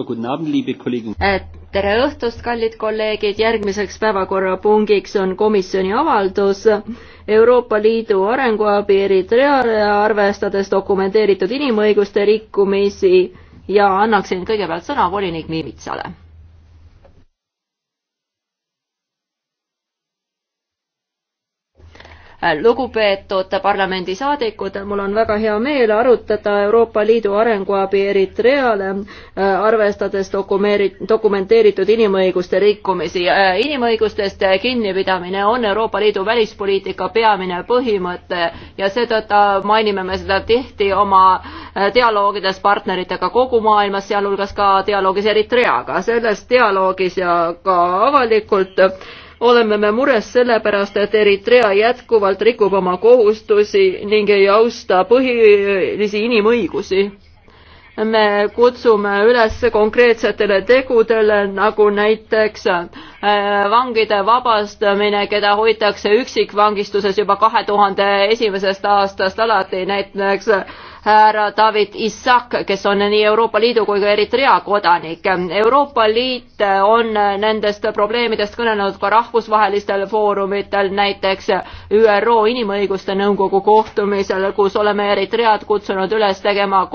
Äh, tere õhtust, kallid kolleegid, järgmiseks päevakorrapungiks on komisjoni avaldus Euroopa Liidu arenguabi Eritreale, arvestades dokumenteeritud inimõiguste rikkumisi ja annaksin kõigepealt sõna volinik Miimitsale Äh, lugupeetud parlamendisaadikud, mul on väga hea meel arutada Euroopa Liidu arenguabi Eritreale, äh, arvestades dokumeeri-, dokumenteeritud inimõiguste rikkumisi. Äh, inimõigustest kinnipidamine on Euroopa Liidu välispoliitika peamine põhimõte ja seetõttu mainime me seda tihti oma dialoogides partneritega kogu maailmas, sealhulgas ka dialoogis Eritreaga. selles dialoogis ja ka avalikult oleme me mures sellepärast, et Eritrea jätkuvalt rikub oma kohustusi ning ei austa põhilisi inimõigusi. me kutsume üles konkreetsetele tegudele, nagu näiteks äh, vangide vabastamine, keda hoitakse üksikvangistuses juba kahe tuhande esimesest aastast alati, näiteks härra David Issak, kes on nii Euroopa Liidu kui ka Eritrea kodanik. Euroopa Liit on nendest probleemidest kõnelenud ka rahvusvahelistel foorumitel, näiteks ÜRO Inimõiguste Nõukogu kohtumisel, kus oleme Eritread kutsunud üles tegema